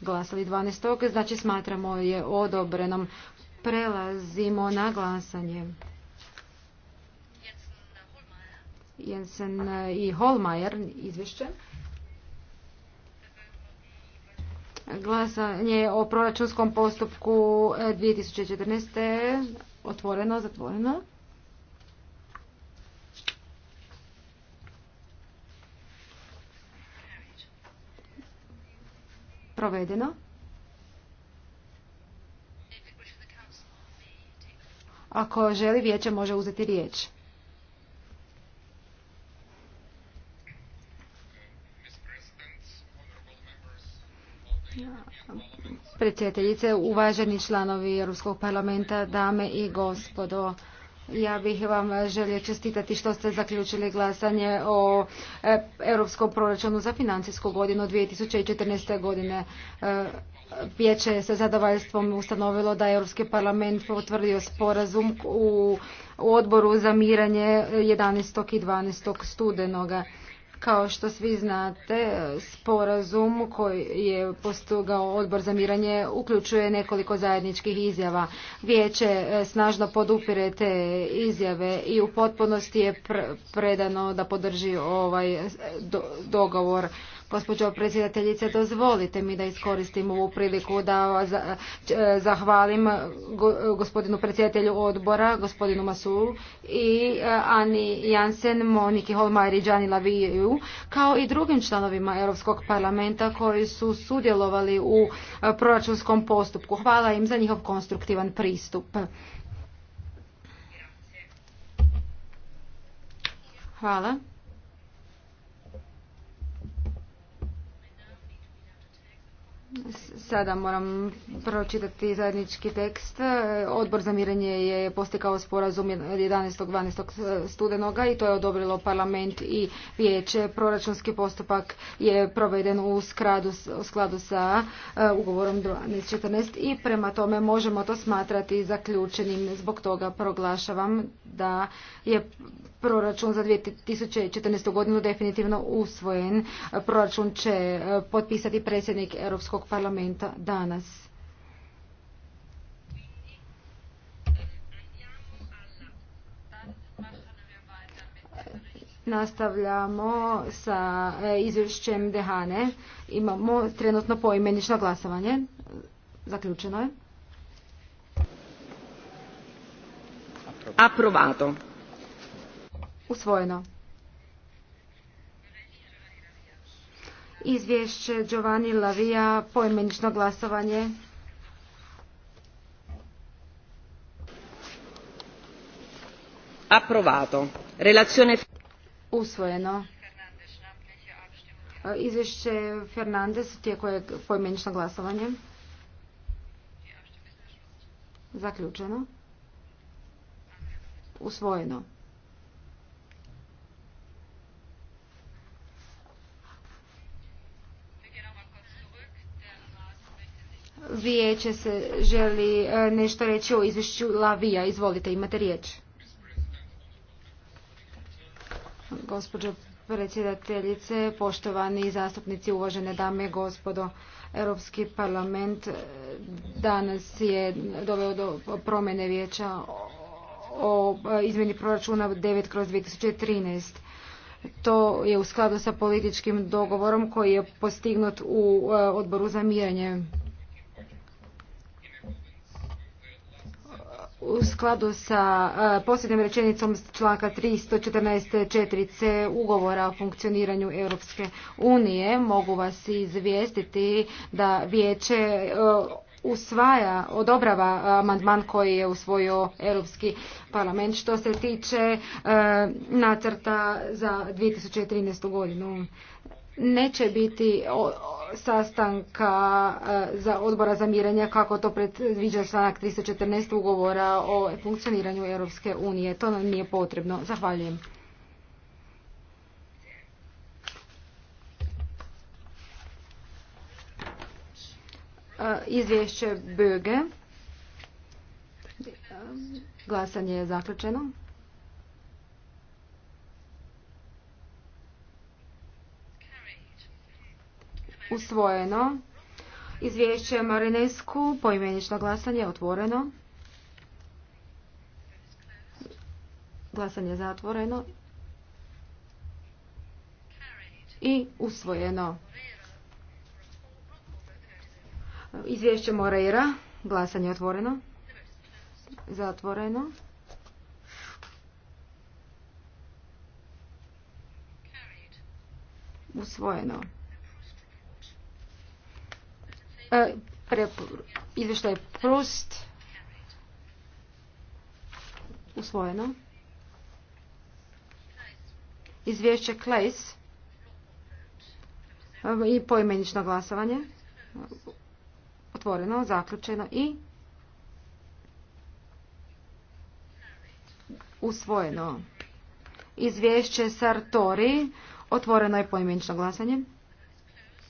glasali 12. Znači smatramo je odobrenom. Prelazimo na glasanje. Jensen i Holmajer izvješće. Glasanje o proračunskom postupku 2014. Otvoreno, zatvoreno. provedeno. Ako želi, vijeće može uzeti riječ. Predsjedateljice, uvaženi članovi Europskog parlamenta, dame i gospodo, ja bih vam želio čestitati što ste zaključili glasanje o e, Europskom proračunu za financijsku godinu 2014. godine. E, Vijeće je sa zadovoljstvom ustanovilo da je Europski parlament potvrdio sporazum u odboru za miranje 11. i 12. studenoga. Kao što svi znate, sporazum koji je postugao odbor za miranje uključuje nekoliko zajedničkih izjava. Vijeće e, snažno podupire te izjave i u potpunosti je predano da podrži ovaj e, dogovor Gospođo predsjedateljice, dozvolite mi da iskoristim ovu priliku da e, e, zahvalim e, gospodinu predsjedatelju odbora, gospodinu Masulu i Ani Jansen, Moniki Holmajer i Laviju, kao i drugim članovima Europskog parlamenta koji su sudjelovali u proračunskom postupku. Hvala im za njihov konstruktivan pristup. Hvala. Sada moram pročitati zajednički tekst. Odbor za mirenje je postikao sporazum 11. 12. studenoga i to je odobrilo parlament i vijeće. Proračunski postupak je proveden u, skladu sa e, ugovorom 12.14 i prema tome možemo to smatrati zaključenim. Zbog toga proglašavam da je proračun za 2014. godinu definitivno usvojen. Proračun će e, potpisati predsjednik Europskog parlamenta danas. Nastavljamo sa e, izvješćem Dehane. Imamo trenutno poimenično glasovanje. Zaključeno je. Aprovato. Usvojeno. Izvješće Giovanni Lavija, pojmenično glasovanje. Aprovato. Relazione... Usvojeno. Izvješće Fernandez tijeko je pojmenično glasovanje. Zaključeno. Usvojeno. Vijeće se želi e, nešto reći o izvješću Lavija. Izvolite, imate riječ. Gospođo predsjedateljice, poštovani zastupnici, uvažene dame i gospodo. Europski parlament e, danas je doveo do promjene vijeća o izmjeni proračuna 9 kroz 2013. To je u skladu sa političkim dogovorom koji je postignut u e, odboru za miranje. u skladu sa e, posljednjom rečenicom članka 314.4c ugovora o funkcioniranju Europske unije mogu vas izvijestiti da vijeće e, usvaja, odobrava amandman koji je usvojio Europski parlament što se tiče e, nacrta za 2013. godinu neće biti sastanka e, za odbora za mirenje kako to predviđa članak 314 ugovora o funkcioniranju Europske unije. To nam nije potrebno. Zahvaljujem. E, izvješće Böge. Glasanje je zaključeno. usvojeno. Izvješće Marinesku, poimenično glasanje, otvoreno. Glasanje je zatvoreno. I usvojeno. Izvješće Moreira, glasanje je otvoreno. Zatvoreno. Usvojeno. E, izvještaj Prost usvojeno. Izvješće Klejs e, i poimenično glasovanje otvoreno, zaključeno i usvojeno. Izvješće Sartori otvoreno je poimenično glasanje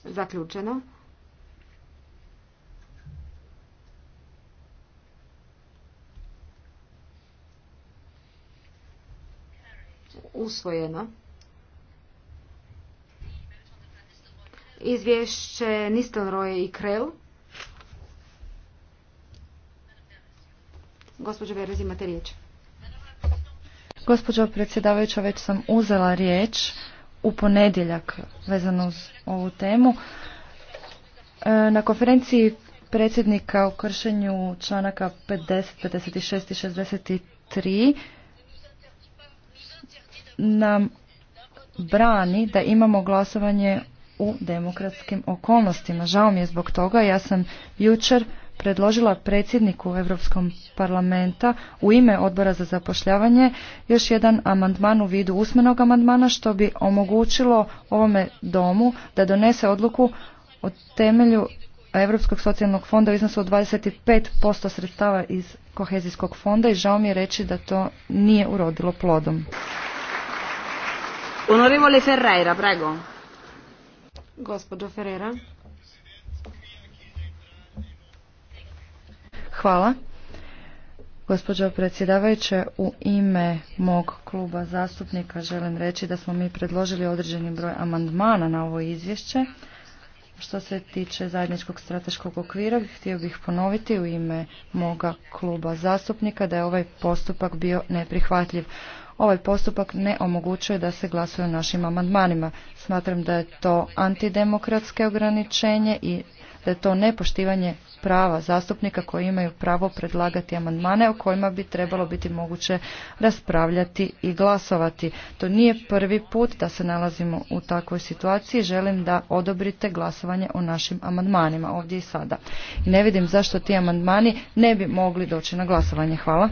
zaključeno. usvojeno. Izvješće Nistelroje i Krel. Gospođo Berez, imate riječ. Gospođo predsjedavajuća, već sam uzela riječ u ponedjeljak vezano uz ovu temu. E, na konferenciji predsjednika o kršenju članaka 50, 56 i 63 nam brani da imamo glasovanje u demokratskim okolnostima. Žao mi je zbog toga. Ja sam jučer predložila predsjedniku Europskom parlamenta u ime odbora za zapošljavanje još jedan amandman u vidu usmenog amandmana što bi omogućilo ovome domu da donese odluku o temelju Europskog socijalnog fonda u iznosu od 25% sredstava iz kohezijskog fonda i žao mi je reći da to nije urodilo plodom. Onorevole Ferreira, prego. Gospođo Ferreira. Hvala. Gospođo predsjedavajuće, u ime mog kluba zastupnika želim reći da smo mi predložili određeni broj amandmana na ovo izvješće. Što se tiče zajedničkog strateškog okvira, htio bih ponoviti u ime moga kluba zastupnika da je ovaj postupak bio neprihvatljiv. Ovaj postupak ne omogućuje da se glasuje o našim amandmanima. Smatram da je to antidemokratske ograničenje i da je to nepoštivanje prava zastupnika koji imaju pravo predlagati amandmane o kojima bi trebalo biti moguće raspravljati i glasovati. To nije prvi put da se nalazimo u takvoj situaciji. Želim da odobrite glasovanje o našim amandmanima ovdje i sada. I ne vidim zašto ti amandmani ne bi mogli doći na glasovanje. Hvala.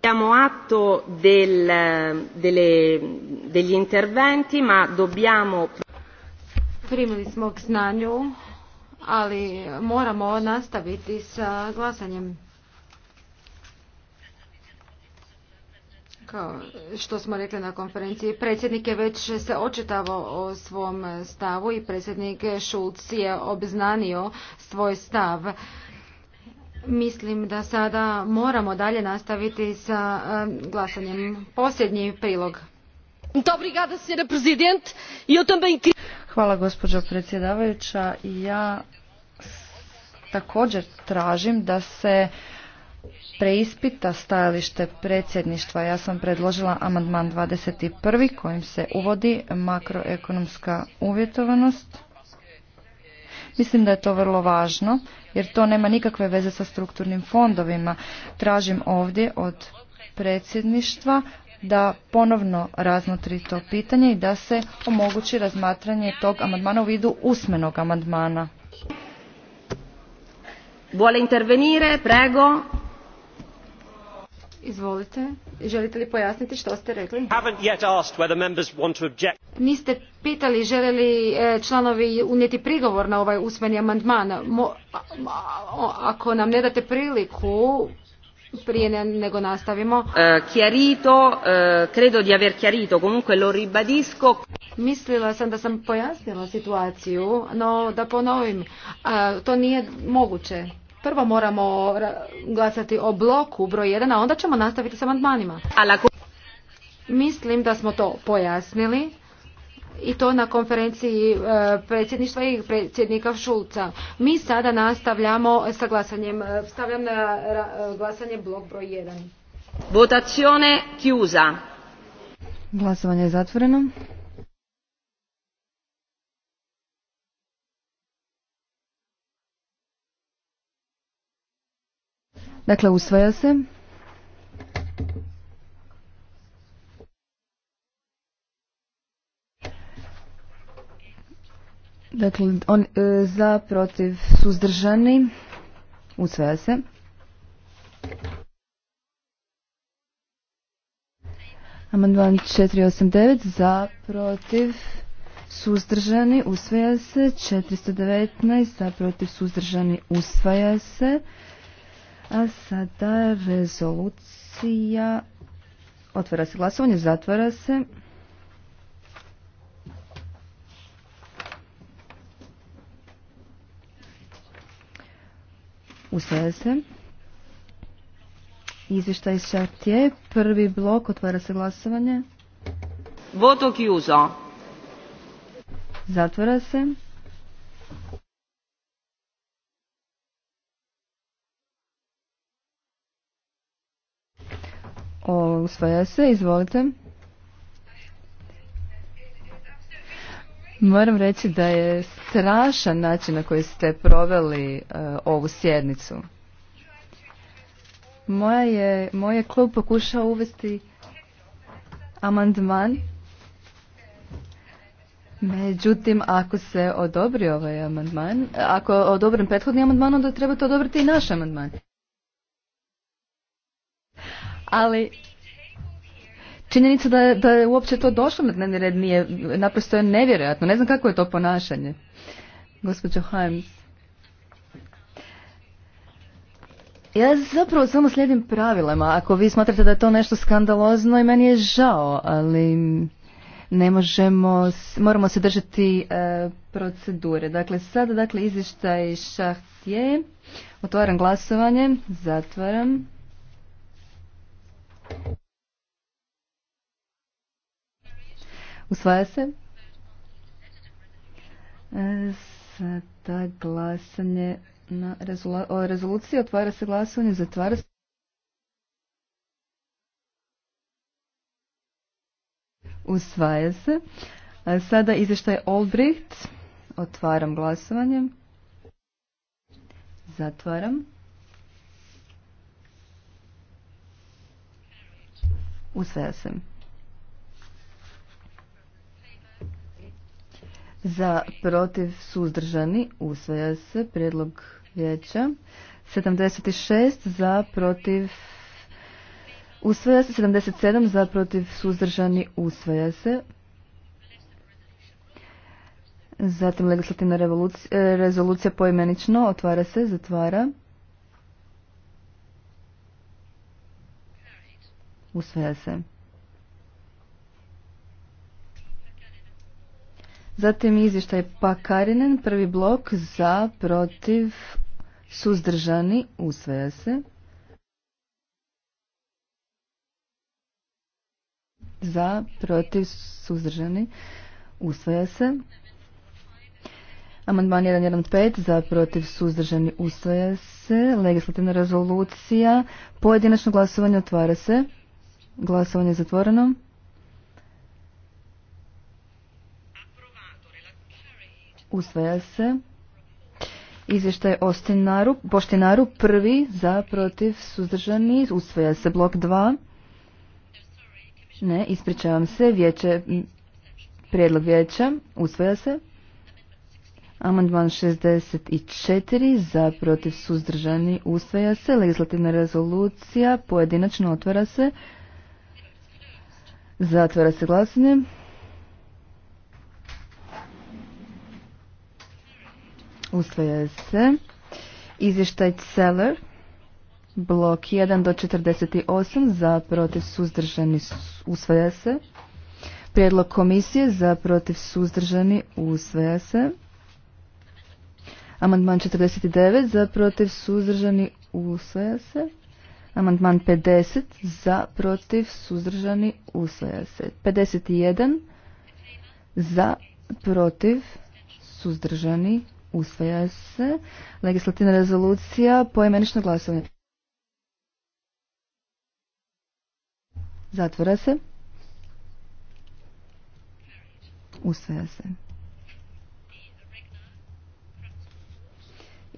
Diamo atto del, delle, degli interventi, ma dobbiamo... Primili smo k znanju, ali moramo nastaviti sa glasanjem. Kao što smo rekli na konferenciji, predsjednik je već se očitavao o svom stavu i predsjednik Šulc je obznanio svoj stav. Mislim da sada moramo dalje nastaviti sa e, glasanjem. Posljednji prilog. Hvala gospođo predsjedavajuća. Ja također tražim da se preispita stajalište predsjedništva. Ja sam predložila amandman 21. kojim se uvodi makroekonomska uvjetovanost. Mislim da je to vrlo važno jer to nema nikakve veze sa strukturnim fondovima. Tražim ovdje od predsjedništva da ponovno razmotri to pitanje i da se omogući razmatranje tog amandmana u vidu usmenog amandmana. Vuole intervenire, prego. Izvolite, želite li pojasniti što ste rekli? Niste pitali žele li e, članovi unijeti prigovor na ovaj usmeni amandman. Ako nam ne date priliku prije nego nastavimo. E, chiarito, e, credo di aver chiarito, comunque lo ribadisco. Mislila sam da sam pojasnila situaciju, no da ponovim, to nije moguće. Prvo moramo glasati o bloku broj 1, a onda ćemo nastaviti sa amandmanima. Mislim da smo to pojasnili i to na konferenciji e, predsjedništva i predsjednika Šulca. Mi sada nastavljamo sa glasanjem. E, stavljam na e, glasanje blok broj 1. Votacione chiusa. Glasovanje je zatvoreno. Dakle, usvaja se. Dakle, on, e, za, protiv, suzdržani. Usvaja se. Amandman 489 za, protiv, suzdržani, usvaja se. 419 za, protiv, suzdržani, usvaja se. A sada rezolucija. Otvara se glasovanje, zatvara se. Usvaja se. Izvještaj je. Prvi blok. Otvara se glasovanje. Voto Zatvara se. usvaja se, izvolite. Moram reći da je strašan način na koji ste proveli e, ovu sjednicu. Moja moj je klub pokušao uvesti amandman. Međutim, ako se odobri ovaj amandman, ako odobrim prethodni amandman, onda trebate odobriti i naš amandman ali činjenica da je, da uopće to došlo na dnevni red nije, naprosto je nevjerojatno. Ne znam kako je to ponašanje. Gospođo Hajms. Ja zapravo samo slijedim pravilama. Ako vi smatrate da je to nešto skandalozno i meni je žao, ali ne možemo, moramo se držati e, procedure. Dakle, sada dakle, izvještaj je Otvaram glasovanje, zatvaram. Usvaja se. Sada glasanje na rezoluciji. Otvara se glasovanje. Zatvara se. Usvaja se. Sada izvještaj Olbricht. Otvaram glasovanje. Zatvaram. Usvaja se. Za protiv suzdržani usvaja se prijedlog vijeća. 76 za protiv usvaja se. 77 za protiv suzdržani usvaja se. Zatim legislativna eh, rezolucija poimenično otvara se, zatvara. Usvaja se. Zatim izvještaj Pakarinen, prvi blok za, protiv, suzdržani, usvaja se. Za, protiv, suzdržani, usvaja se. Amandman 1.1.5 za protiv suzdržani usvaja se. Legislativna rezolucija. Pojedinačno glasovanje otvara se. Glasovanje je zatvoreno. Usvaja se. Izvještaj Ostinaru, Boštinaru prvi za protiv suzdržani. Usvaja se blok 2. Ne, ispričavam se. Vijeće, prijedlog vijeća. Usvaja se. Amandman 64 za protiv suzdržani. Usvaja se. Legislativna rezolucija pojedinačno otvara se. Zatvara se glasanje. Usvaja se. Izvještaj Celer. Blok 1 do 48 za protiv suzdržani usvaja se. Prijedlog komisije za protiv suzdržani usvaja se. Amandman 49 za protiv suzdržani usvaja se. Amandman 50 za, protiv, suzdržani, usvaja se. 51 za, protiv, suzdržani, usvaja se. Legislativna rezolucija, poimenično glasovanje. Zatvora se. Usvaja se.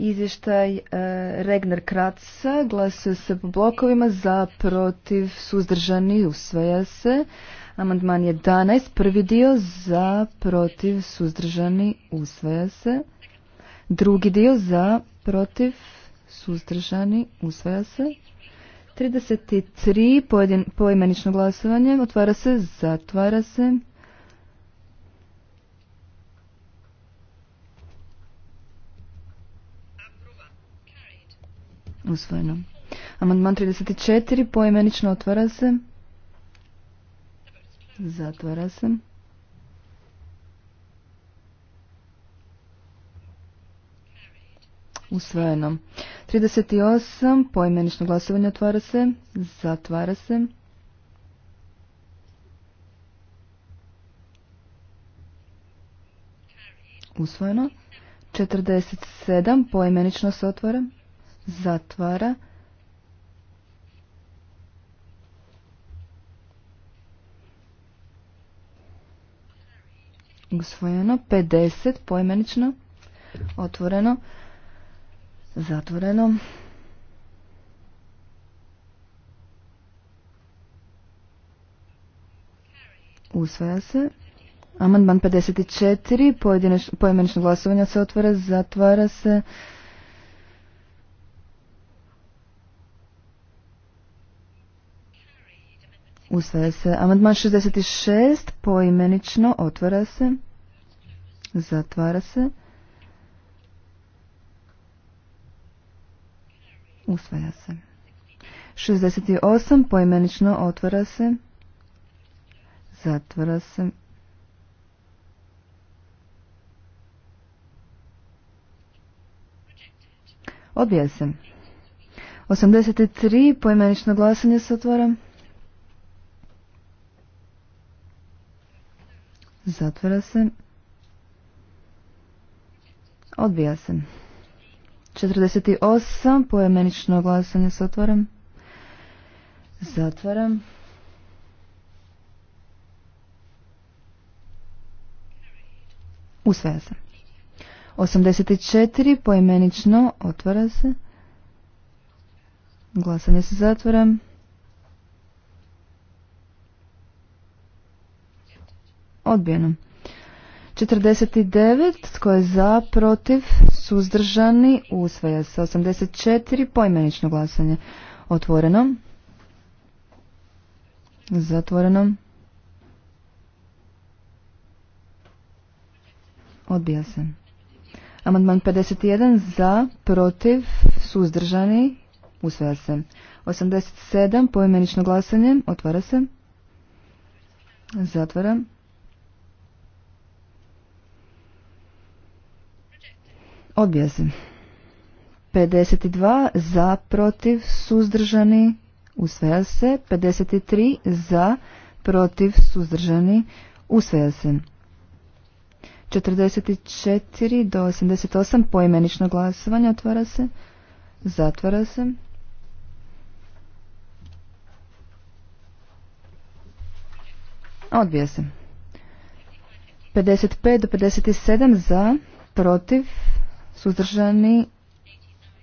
Izvještaj e, Regner Kratsa glasuje se po blokovima za protiv suzdržani usvaja se. Amandman 11, prvi dio za protiv suzdržani usvaja se. Drugi dio za protiv suzdržani usvaja se. 33 poimenično glasovanje otvara se, zatvara se. Usvojeno. Amandman 34. Poimenično otvara se. Zatvara se. Usvojeno. 38. Poimenično glasovanje otvara se. Zatvara se. Usvojeno. 47. Poimenično se otvara zatvara. Usvojeno. 50 poimenično. Otvoreno. Zatvoreno. Usvaja se. Amandman 54. Poimenično glasovanje se otvara. Zatvara se. Usvaja se. Amandman 66 poimenično otvara se. Zatvara se. Usvaja se. 68 poimenično otvara se. Zatvara se. Odbija se. 83 poimenično glasanje se otvara. Zatvara se. Odbija se. 48. Pojemenično glasanje se otvaram. Zatvaram. Usvaja se. 84. Pojemenično otvara se. Glasanje se zatvaram odbijeno. 49, tko je za, protiv, suzdržani, usvaja se. 84, poimenično glasanje, otvoreno, zatvoreno, odbija se. Amandman 51, za, protiv, suzdržani, usvaja se. 87, poimenično glasanje, otvara se, zatvara Odbija 52 za, protiv, suzdržani, usvaja se. 53 za, protiv, suzdržani, usvaja se. 44 do 88 poimenično glasovanje otvara se, zatvara se. Odbija se. 55 do 57 za, protiv, suzdržani,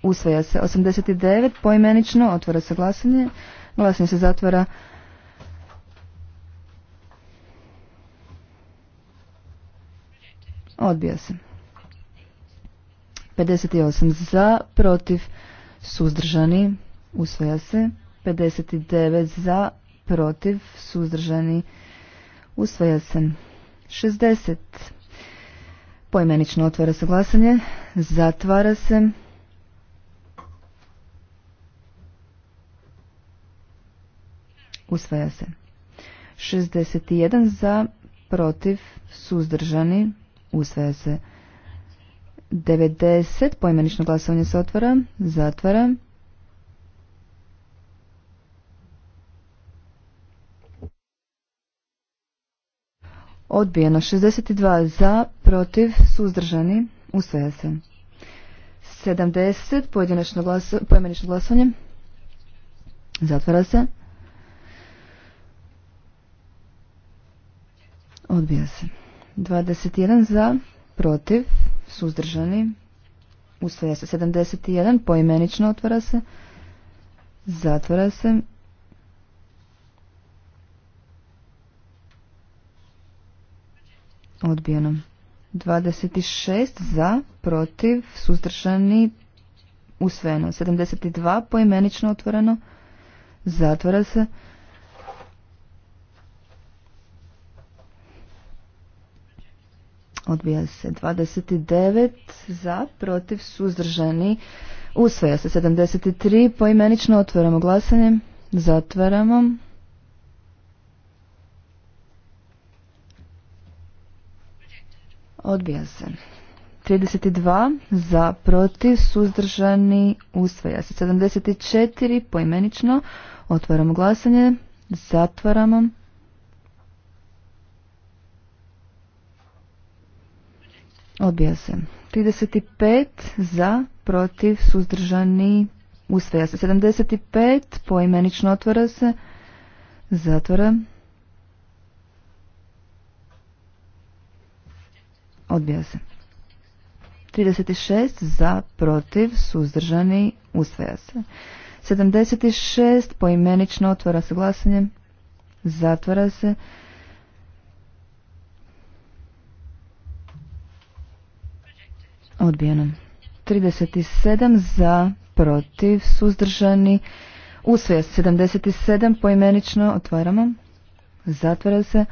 usvaja se. 89 poimenično, otvara se glasanje, glasanje se zatvara. Odbija se. 58 za, protiv, suzdržani, usvaja se. 59 za, protiv, suzdržani, usvaja se. 60 Poimenično otvara se glasanje. Zatvara se. Usvaja se. 61 za, protiv, suzdržani. Usvaja se. 90. Poimenično glasovanje se otvara. Zatvara. Odbijeno 62 za, protiv, suzdržani, usvaja se. 70 pojedinačno glaso, pojmenično glasovanje. Zatvara se. Odbija se. 21 za, protiv, suzdržani, usvaja se. 71 poimenično otvara se. Zatvara se. Odbijeno. 26 za, protiv, suzdržani, usvojeno. 72 poimenično otvoreno, zatvara se. Odbija se 29 za, protiv, suzdržani, usvaja se 73, poimenično otvaramo glasanje, zatvaramo. Odbija se. 32 za protiv suzdržani usvaja se. 74 poimenično. Otvaramo glasanje. Zatvaramo. Odbija se. 35 za protiv suzdržani usvaja se. 75 poimenično otvara se. Zatvara. Odbija se. 36 za, protiv, suzdržani, usvaja se. 76 poimenično otvara se glasanje, zatvara se. Odbijeno. 37 za, protiv, suzdržani, usvaja se. 77 poimenično otvaramo, zatvara se.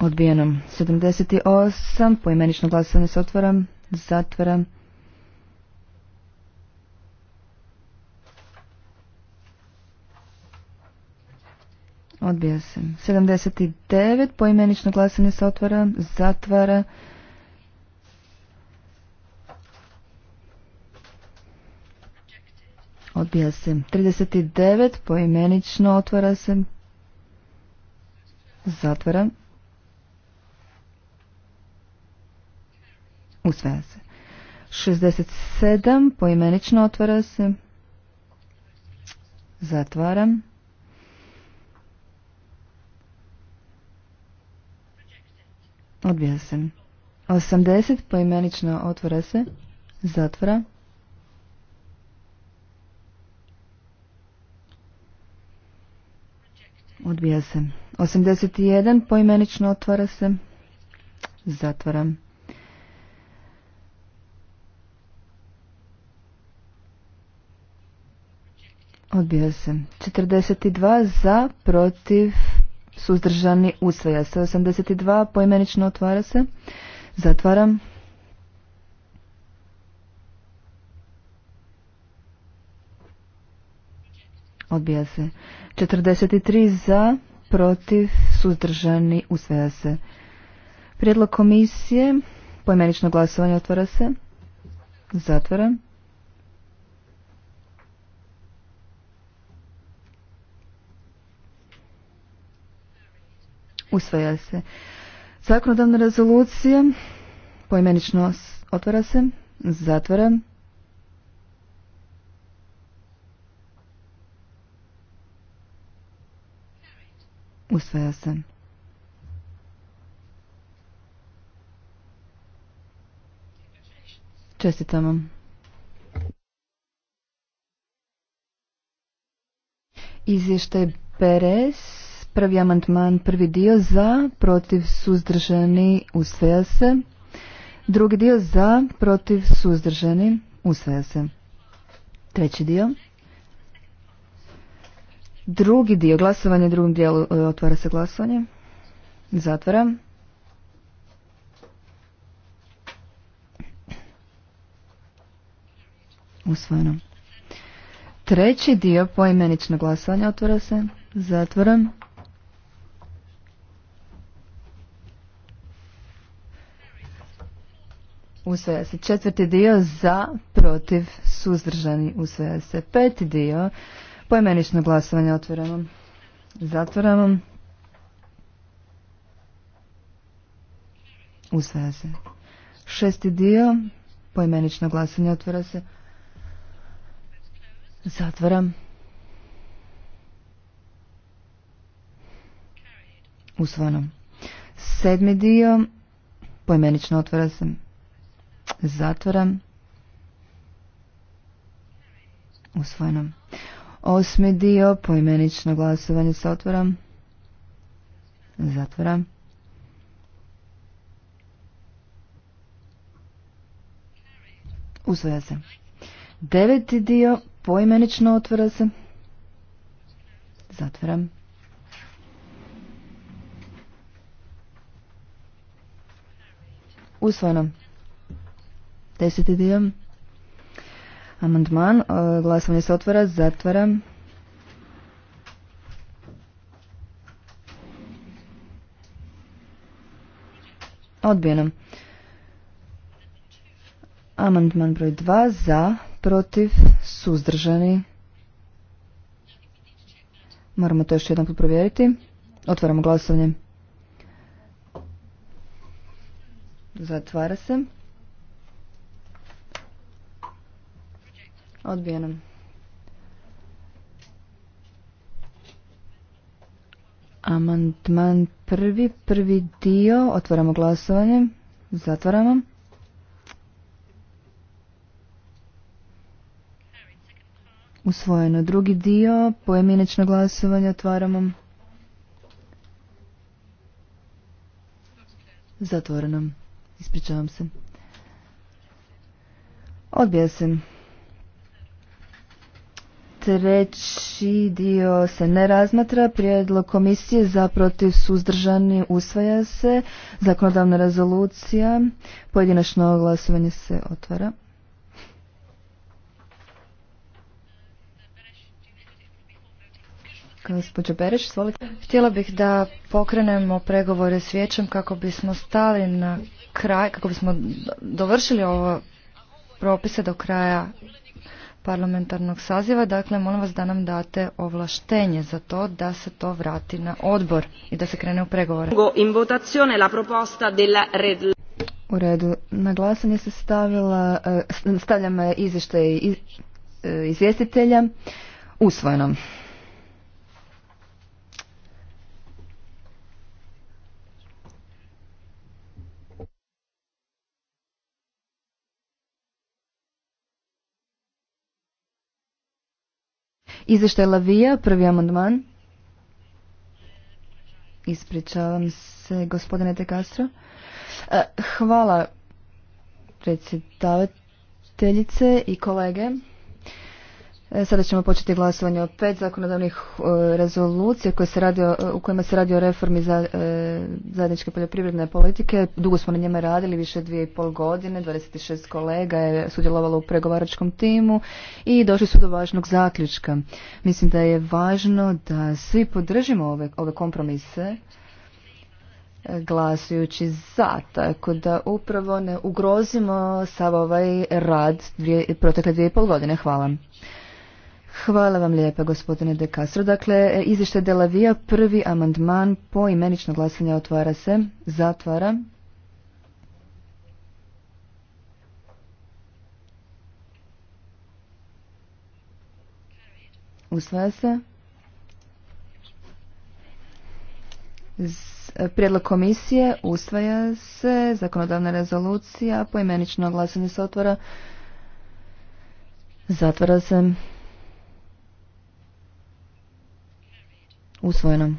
Odbijeno. 78. Poimenično glasovanje se otvara. Zatvara. Odbija se. 79. Poimenično glasanje se otvara. Zatvara. Odbija se. 39. Poimenično otvara se. Zatvara. Usvaja se. 67 poimenično otvara se. Zatvaram. Odbija se. 80 poimenično otvara se. Zatvara. Odbija se. 81 poimenično otvara se. Zatvaram. Odbija se. 42 za, protiv, suzdržani, usvaja se. 82 poimenično otvara se. Zatvaram. Odbija se. 43 za, protiv, suzdržani, usvaja se. Prijedlog komisije, poimenično glasovanje otvara se. Zatvaram. Usvaja se. Zakonodavna rezolucija. Poimenično otvara se. Zatvara. Usvaja se. vam. Izvještaj Perez Prvi amandman, prvi dio za, protiv suzdržani, usvaja se. Drugi dio za, protiv suzdržani, usvaja se. Treći dio. Drugi dio, glasovanje drugom dijelu, e, otvara se glasovanje. Zatvaram. Usvojeno. Treći dio poimenično glasovanja otvara se. Zatvaram. usvaja se četvrti dio za, protiv, suzdržani, usvaja se peti dio, poimenično glasovanje otvoramo, zatvoramo, usvaja se šesti dio, poimenično glasovanje, otvara se, zatvaram, usvojeno, sedmi dio, poimenično otvara se, Zatvoram. Usvojeno. Osmi dio, poimenično glasovanje se otvoram. Zatvoram. Usvoja se. Deveti dio, poimenično otvora se. Zatvoram. Usvojeno. Deseti dio. Amandman. E, glasovanje se otvara. Zatvara. Odbijeno. Amandman broj dva. Za. Protiv. Suzdržani. Moramo to još jednom provjeriti. Otvaramo glasovanje. Zatvara se. Odbijenom. Amandman prvi, prvi dio. Otvaramo glasovanje. Zatvaramo. Usvojeno drugi dio. Pojeminečno glasovanje otvaramo. Zatvoreno. Ispričavam se. Odbija se. Treći dio se ne razmatra. Prijedlog komisije za protiv suzdržani usvaja se. Zakonodavna rezolucija. Pojedinačno glasovanje se otvara. Gospođo Bereš, svolite. Htjela bih da pokrenemo pregovore s vijećem kako bismo stali na kraj, kako bismo dovršili ovo propise do kraja parlamentarnog saziva, dakle molim vas da nam date ovlaštenje za to da se to vrati na odbor i da se krene u pregovore. U redu, na glasanje se stavila, eh, stavljamo eh, izvještaj eh, izvjestitelja usvojenom. Izvještaj Lavija, prvi amandman. Ispričavam se, gospodine De Castro. E, hvala predsjedavateljice i kolege. E, sada ćemo početi glasovanje o pet zakonodavnih e, rezolucija koje se radi e, u kojima se radi o reformi za, zajedničke poljoprivredne politike. Dugo smo na njima radili, više dvije i pol godine, 26 kolega je sudjelovalo u pregovaračkom timu i došli su do važnog zaključka. Mislim da je važno da svi podržimo ove, kompromise glasujući za, tako da upravo ne ugrozimo sav ovaj rad protekle dvije i pol godine. Hvala. Hvala vam lijepa, gospodine De Castro. Dakle, izvještaj Delavija, prvi amandman po imenično glasanje otvara se, zatvara. Usvaja se. Prijedlog komisije usvaja se. Zakonodavna rezolucija poimenično glasanje se otvara. Zatvara se. Usvojeno.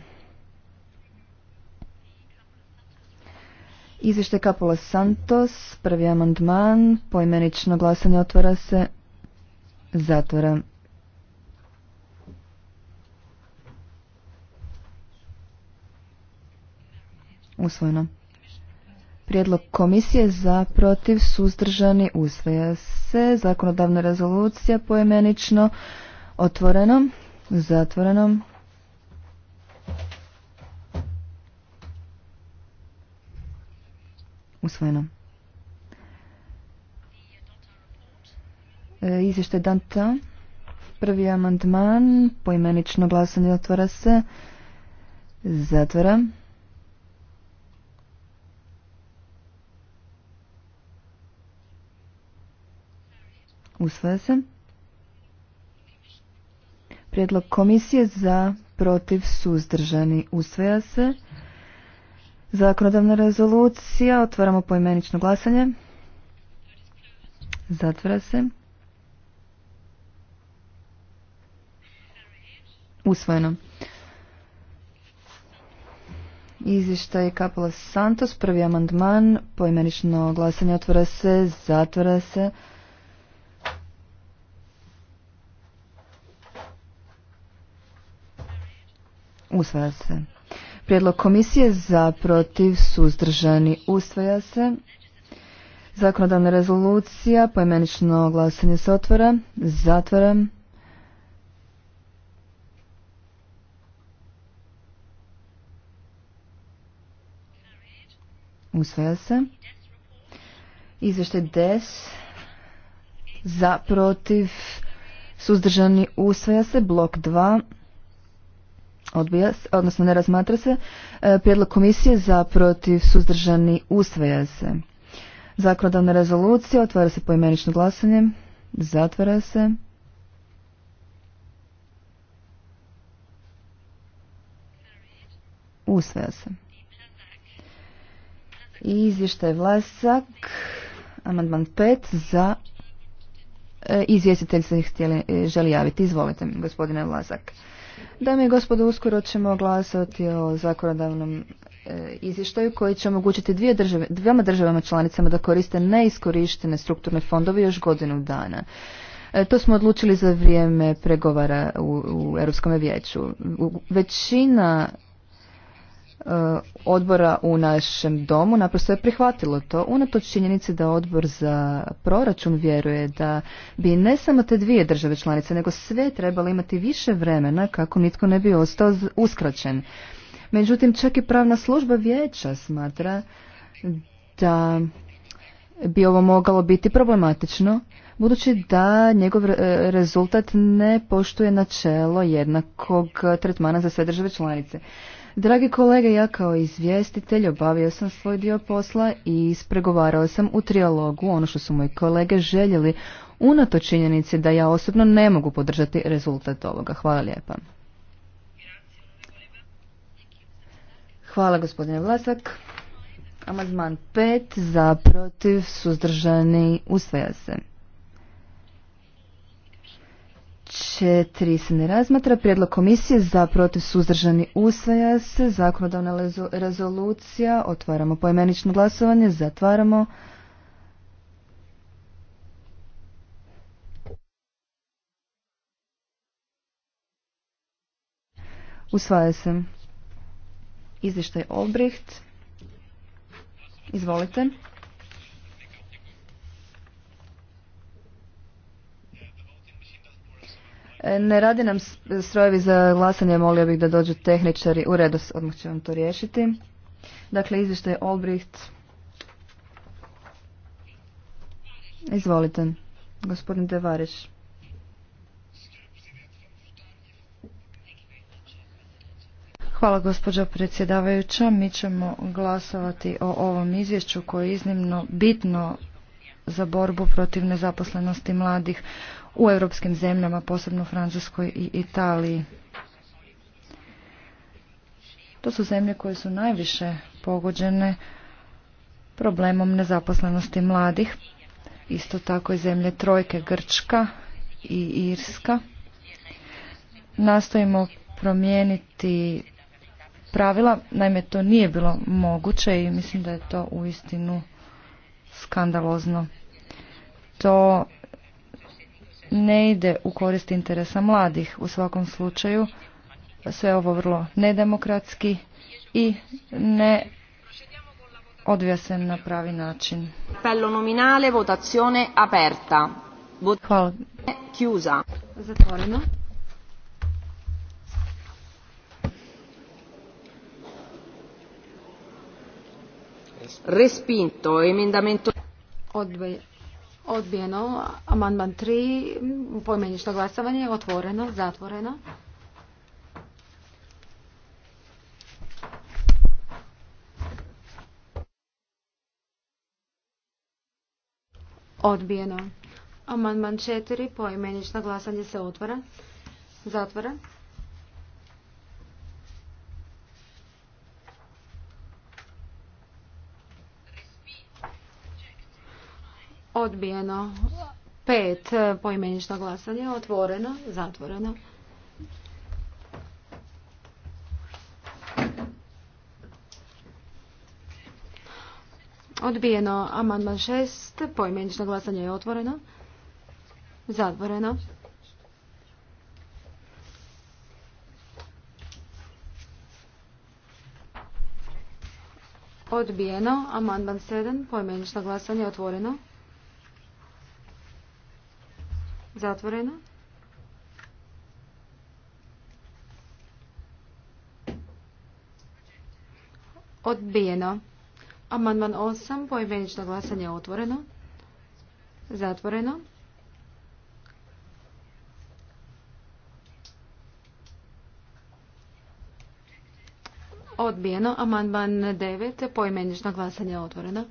Izvještaj Kapola Santos, prvi amandman, poimenično glasanje otvara se, zatvora. Usvojeno. Prijedlog komisije za protiv suzdržani usvaja se. Zakonodavna rezolucija poimenično otvoreno, zatvoreno. Usvojeno. E, izvještaj Danta. Prvi amandman. Poimenično glasanje otvara se. Zatvora. Usvaja se. Prijedlog komisije za protiv suzdržani. Usvaja se. Zakonodavna rezolucija. Otvaramo poimenično glasanje. Zatvara se. Usvojeno. Izvještaj Kapola Santos, prvi amandman, poimenično glasanje otvara se, zatvara se. Usvaja se. Prijedlog komisije za protiv suzdržani usvaja se. Zakonodavna rezolucija, poimenično glasanje se otvara, zatvaram. Usvaja se. Izvještaj DES za protiv suzdržani usvaja se blok 2 odbija, odnosno ne razmatra se. E, prijedlog komisije za protiv suzdržani usvaja se. Zakonodavna rezolucija otvara se poimenično glasanje. Zatvara se. Usvaja se. Izvještaj Vlasak, amandman 5 za e, izvjestitelj se e, želi javiti. Izvolite, gospodine Vlasak. Dame i gospodo, uskoro ćemo glasati o zakonodavnom e, izvještaju koji će omogućiti dvije države, državama članicama da koriste neiskorištene strukturne fondove još godinu dana. E, to smo odlučili za vrijeme pregovara u, u Europskom vijeću. Većina E, odbora u našem domu naprosto je prihvatilo to unatoč činjenici da odbor za proračun vjeruje da bi ne samo te dvije države članice nego sve trebalo imati više vremena kako nitko ne bi ostao uskraćen. Međutim, čak i pravna služba vijeća smatra da bi ovo mogalo biti problematično budući da njegov rezultat ne poštuje načelo jednakog tretmana za sve države članice. Dragi kolege, ja kao izvjestitelj obavio sam svoj dio posla i ispregovarao sam u trijalogu ono što su moji kolege željeli unato činjenici da ja osobno ne mogu podržati rezultat ovoga. Hvala lijepa. Hvala gospodine Vlasak. Amandman 5 za protiv suzdržani usvaja se. Četiri se ne razmatra. Prijedlog komisije za protiv suzdržani usvaja se. Zakonodavna rezolucija. Otvaramo poimenično glasovanje. Zatvaramo. Usvaja se. Izvještaj Olbricht. Izvolite. Ne radi nam strojevi za glasanje, molio bih da dođu tehničari. U redu, odmah ću vam to riješiti. Dakle, izvještaj Olbricht. Izvolite, gospodin Devarić. Hvala gospođo predsjedavajuća. Mi ćemo glasovati o ovom izvješću koje je iznimno bitno za borbu protiv nezaposlenosti mladih u europskim zemljama, posebno Francuskoj i Italiji. To su zemlje koje su najviše pogođene problemom nezaposlenosti mladih. Isto tako i zemlje Trojke, Grčka i Irska. Nastojimo promijeniti pravila, naime to nije bilo moguće i mislim da je to uistinu skandalozno. To ne ide u korist interesa mladih u svakom slučaju. Sve ovo vrlo nedemokratski i ne odvija se na pravi način. nominale, votazione aperta. Hvala. Chiusa. Zatvoreno. Respinto. Emendamento... odbijeno. Amandman 3. Pojmenično glasovanje. Otvoreno. Zatvoreno. Odbijeno. Amandman 4. Poimenično glasanje se otvara. Zatvara. Odbijeno. Pet e, poimenično glasanje. Otvoreno. Zatvoreno. Odbijeno. Amandman šest. Poimenično glasanje je otvoreno. Zatvoreno. Odbijeno. Amandman 7. Poimenično glasanje otvoreno. Zatvoreno. Odbijeno. Amandman 8. Poimenično glasanje otvoreno. Zatvoreno. Odbijeno. Amandman 9. Poimenično glasanje otvoreno.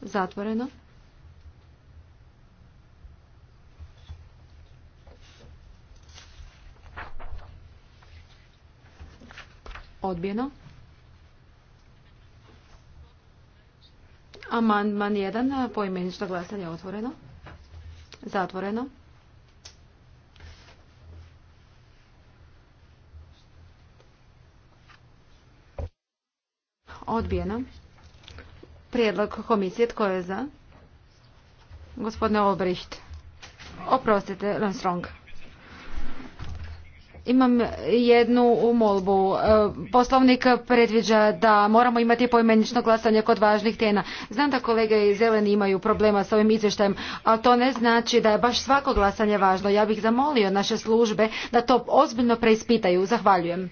Zatvoreno. Odbijeno. Amandman 1. Poimenično glasanje otvoreno. Zatvoreno. Odbijeno. Prijedlog komisije tko je za? Gospodine Olbricht. Oprostite, Hvala. Imam jednu molbu. E, poslovnik predviđa da moramo imati poimenično glasanje kod važnih tena. Znam da kolege i zeleni imaju problema s ovim izvještajem, ali to ne znači da je baš svako glasanje važno. Ja bih zamolio naše službe da to ozbiljno preispitaju. Zahvaljujem.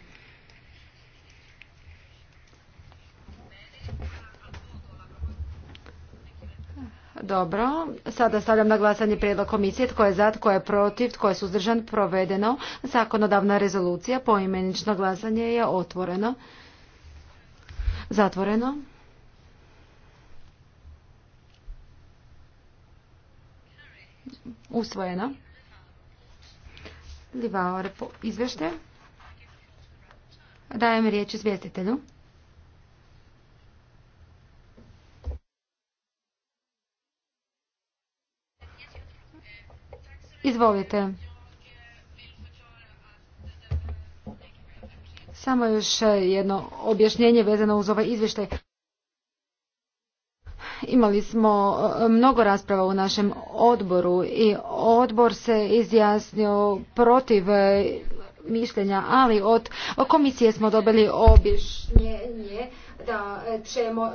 Dobro, sada stavljam na glasanje prijedlog komisije. Tko je za, tko je protiv, tko je suzdržan, provedeno. Zakonodavna rezolucija, poimenično glasanje je otvoreno. Zatvoreno. Usvojeno. Livao izvešte. Dajem riječ izvjestitelju. Izvolite. Samo još e, jedno objašnjenje vezano uz ovaj izvještaj. Imali smo e, mnogo rasprava u našem odboru i odbor se izjasnio protiv e, mišljenja, ali od komisije smo dobili objašnjenje da e,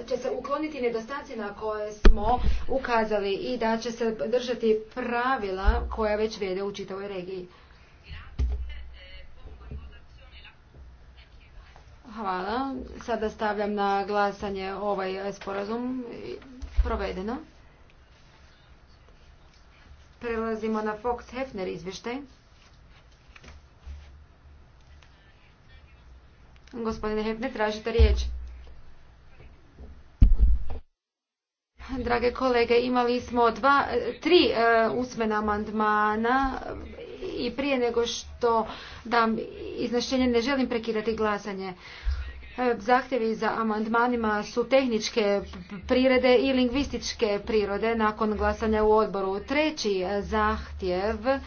će se ukloniti nedostaci na koje smo ukazali i da će se držati pravila koja već vrijede u čitavoj regiji. Hvala. Sada stavljam na glasanje ovaj sporazum. Provedeno. Prelazimo na Fox Hefner izvještaj. Gospodine Hefner, tražite riječ. drage kolege, imali smo dva, tri e, usmena amandmana i prije nego što dam iznašćenje ne želim prekidati glasanje. E, zahtjevi za amandmanima su tehničke prirode i lingvističke prirode nakon glasanja u odboru. Treći zahtjev e,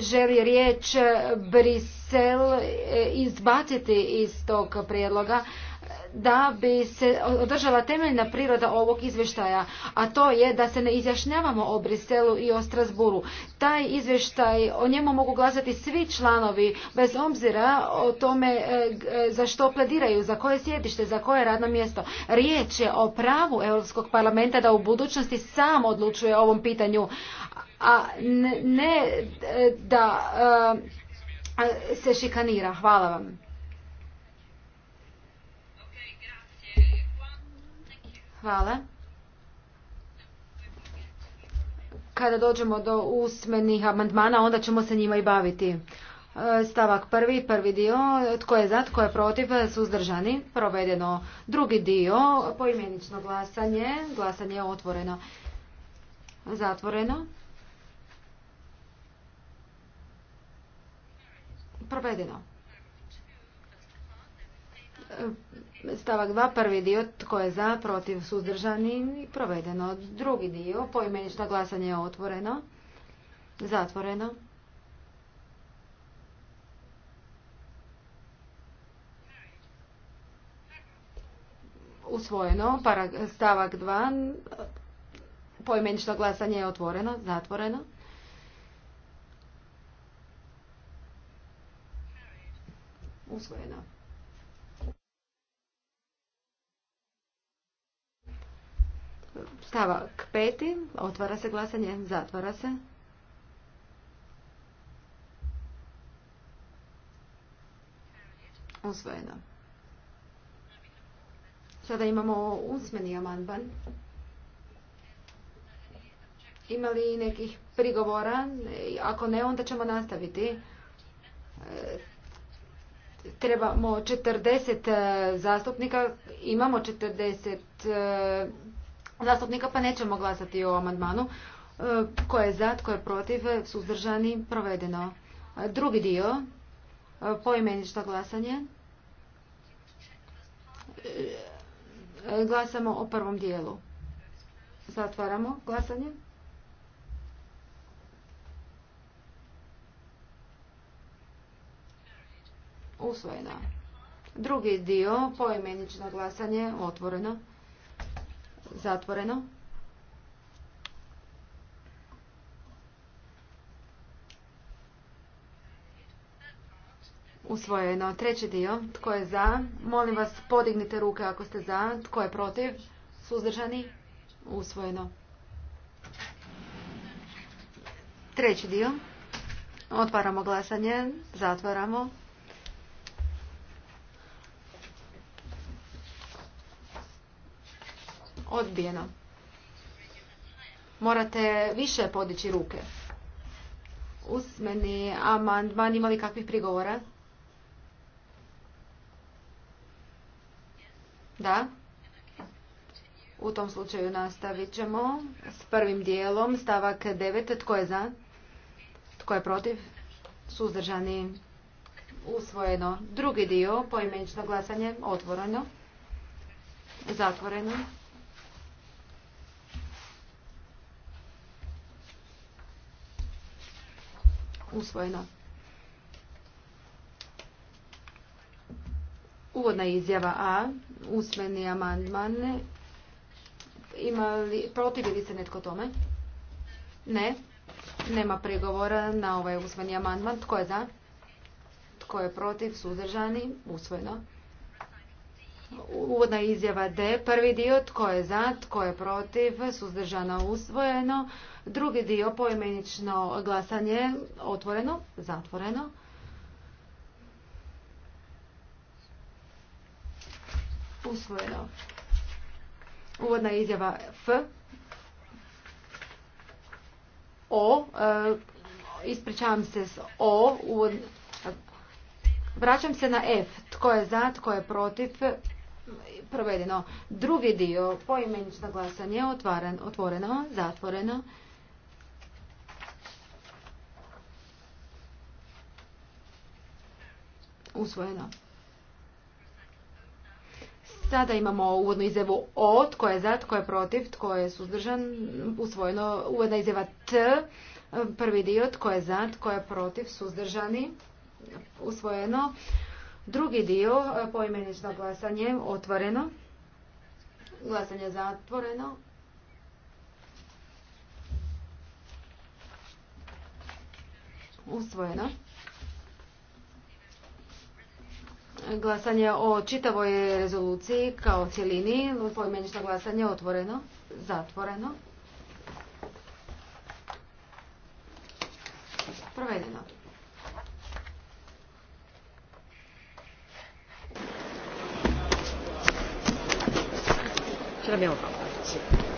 želi riječ Brisel izbaciti iz tog prijedloga da bi se održala temeljna priroda ovog izvještaja, a to je da se ne izjašnjavamo o Briselu i o Strasburu. Taj izvještaj, o njemu mogu glasati svi članovi, bez obzira o tome e, za što plediraju, za koje sjedište, za koje radno mjesto. Riječ je o pravu Europskog parlamenta da u budućnosti sam odlučuje o ovom pitanju, a ne e, da e, se šikanira. Hvala vam. Hvala. Kada dođemo do usmenih amandmana, onda ćemo se njima i baviti. E, stavak prvi, prvi dio, tko je za, tko je protiv, suzdržani, provedeno. Drugi dio, poimenično glasanje, glasanje je otvoreno, zatvoreno. Provedeno e, Stavak 2, prvi dio, tko je za, protiv, suzdržani, provedeno. Drugi dio, poimenično glasanje je otvoreno, zatvoreno. Usvojeno, stavak 2, poimenično glasanje je otvoreno, zatvoreno. Usvojeno. Stavak peti. Otvara se glasanje. Zatvara se. Usvojeno. Sada imamo usmeni amandman. Ima li nekih prigovora? Ako ne, onda ćemo nastaviti. E, trebamo 40 e, zastupnika. Imamo 40 zastupnika pa nećemo glasati o amandmanu. E, Ko je za, tko je protiv, suzdržani, provedeno. E, drugi dio, e, poimenično glasanje. Glasamo o prvom dijelu. Zatvaramo glasanje. Usvojeno. Drugi dio, poimenično glasanje, otvoreno. Zatvoreno. Usvojeno. Treći dio. Tko je za? Molim vas, podignite ruke ako ste za. Tko je protiv? Suzdržani? Usvojeno. Treći dio. Otvaramo glasanje. Zatvaramo. Odbijeno. Morate više podići ruke. Usmeni amandman imali kakvih prigovora? Da. U tom slučaju nastavit ćemo s prvim dijelom, stavak 9. Tko je za? Tko je protiv? Suzdržani. Usvojeno. Drugi dio, poimenično glasanje, otvoreno. Zatvoreno. usvojeno. Uvodna izjava A, usmeni amandman. Ima li, protivi li se netko tome? Ne. Nema pregovora na ovaj usmeni amandman. Tko je za? Tko je protiv? Suzdržani? Usvojeno. Uvodna izjava D. Prvi dio. Tko je za? Tko je protiv? Suzdržano? Usvojeno. Drugi dio poimenično glasanje otvoreno, zatvoreno. Usvojeno. Uvodna izjava F. O. E, ispričavam se s O. Vraćam se na F. Tko je za, tko je protiv? Provedeno. Drugi dio poimenično glasanje otvoreno, zatvoreno. usvojeno. Sada imamo uvodnu izjavu O, tko je za, tko je protiv, tko je suzdržan, usvojeno uvodna izjava T, prvi dio, tko je za, tko je protiv, suzdržani, usvojeno. Drugi dio, poimenično glasanje, otvoreno. Glasanje zatvoreno. Usvojeno. Glasanje o čitavoj rezoluciji kao cjelini. Pojmenično glasanje otvoreno, zatvoreno. Provedeno. Ce l'abbiamo